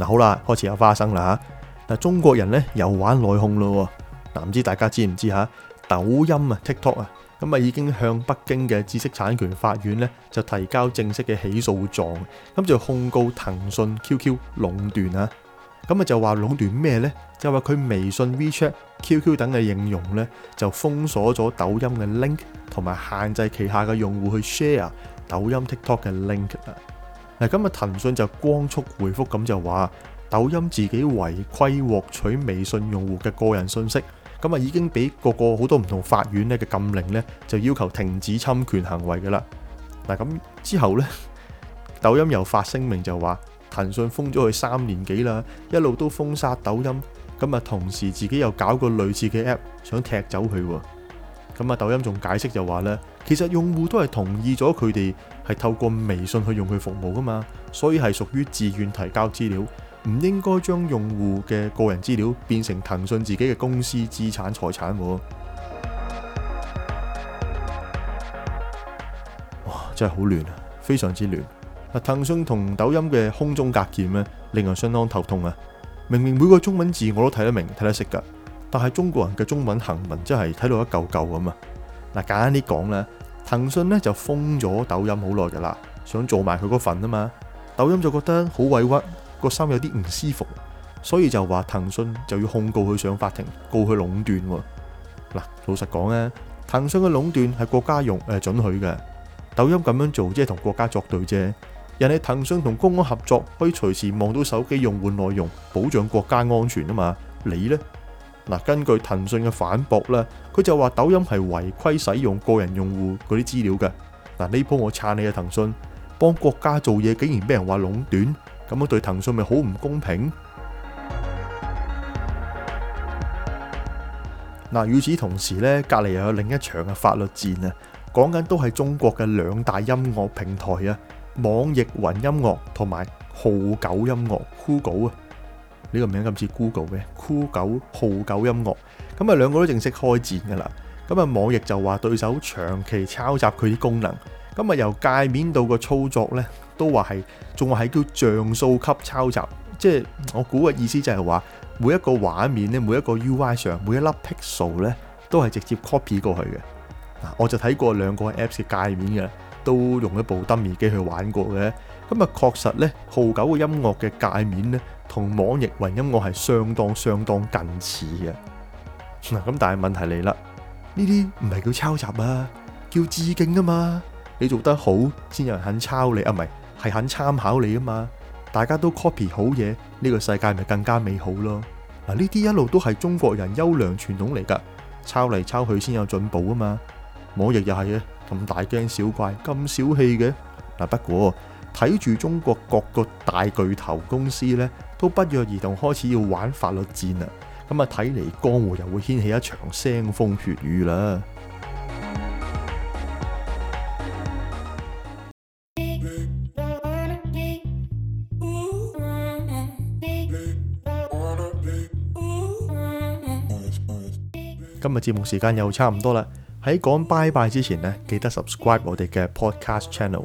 嗱好啦，開始有花生啦嚇。但係中國人咧又玩內訌咯喎。嗱唔知大家知唔知嚇？抖音啊、TikTok 啊，咁啊已經向北京嘅知識產權法院咧就提交正式嘅起訴狀，咁就控告騰訊 QQ 壟斷啊。咁啊就話壟斷咩咧？就話佢微信 WeChat、QQ 等嘅應用咧就封鎖咗抖音嘅 link，同埋限制旗下嘅用戶去 share 抖音 TikTok 嘅 link 啊。嗱，今日騰訊就光速回覆咁就話，抖音自己違規獲取微信用戶嘅個人信息，咁啊已經俾個個好多唔同法院呢嘅禁令呢，就要求停止侵權行為㗎啦。嗱，咁之後呢，抖音又發聲明就話，騰訊封咗佢三年幾啦，一路都封殺抖音，咁啊同時自己又搞個類似嘅 app 想踢走佢喎。咁啊！抖音仲解釋就話咧，其實用戶都係同意咗佢哋係透過微信去用佢服務噶嘛，所以係屬於自願提交資料，唔應該將用戶嘅個人資料變成騰訊自己嘅公司資產財產。哇！真係好亂啊，非常之亂。啊！騰訊同抖音嘅空中隔閡呢，令人相當頭痛啊！明明每個中文字我都睇得明、睇得識噶。但係中國人嘅中文行文真係睇到一嚿嚿咁啊！嗱，簡單啲講咧，騰訊呢就封咗抖音好耐嘅啦，想做埋佢嗰份啊嘛。抖音就覺得好委屈，個心有啲唔舒服，所以就話騰訊就要控告佢上法庭，告佢壟斷。嗱，老實講咧，騰訊嘅壟斷係國家用誒准許嘅，抖音咁樣做即係同國家作對啫。人哋騰訊同公安合作，可以隨時望到手機用戶內容，保障國家安全啊嘛。你呢？根據騰訊嘅反駁啦，佢就話抖音係違規使用個人用戶嗰啲資料嘅。嗱，呢鋪我撐你嘅騰訊幫國家做嘢，竟然俾人話壟斷，咁樣對騰訊咪好唔公平？嗱、嗯，與此同時咧，隔離又有另一場嘅法律戰啊，講緊都係中國嘅兩大音樂平台啊，網易雲音樂同埋酷狗音樂、酷狗啊。呢個名咁似 Google 咩？酷狗酷狗音樂，咁啊兩個都正式開戰㗎啦。咁啊網易就話對手長期抄襲佢啲功能，咁啊由界面到個操作呢，都話係，仲話係叫像素級抄襲，即係我估嘅意思就係話每一個畫面呢，每一個 UI 上每一粒 pixel 呢，都係直接 copy 過去嘅。嗱，我就睇過兩個 Apps 嘅界面嘅，都用一部登面機去玩過嘅。咁啊，確實咧，酷狗嘅音樂嘅界面咧，同網易雲音樂係相當相當近似嘅。嗱，咁但係問題嚟啦，呢啲唔係叫抄襲啊，叫致敬啊嘛。你做得好，先有人肯抄你啊，唔係係肯參考你啊嘛。大家都 copy 好嘢，呢個世界咪更加美好咯。嗱，呢啲一路都係中國人優良傳統嚟噶，抄嚟抄去先有進步啊嘛。網易又係嘅，咁大驚小怪，咁小氣嘅。嗱，不過。睇住中國各個大巨頭公司呢，都不約而同開始要玩法律戰啊，咁啊，睇嚟江湖又會掀起一場腥風血雨啦。今日節目時間又差唔多啦，喺講拜拜之前呢，記得 subscribe 我哋嘅 podcast channel。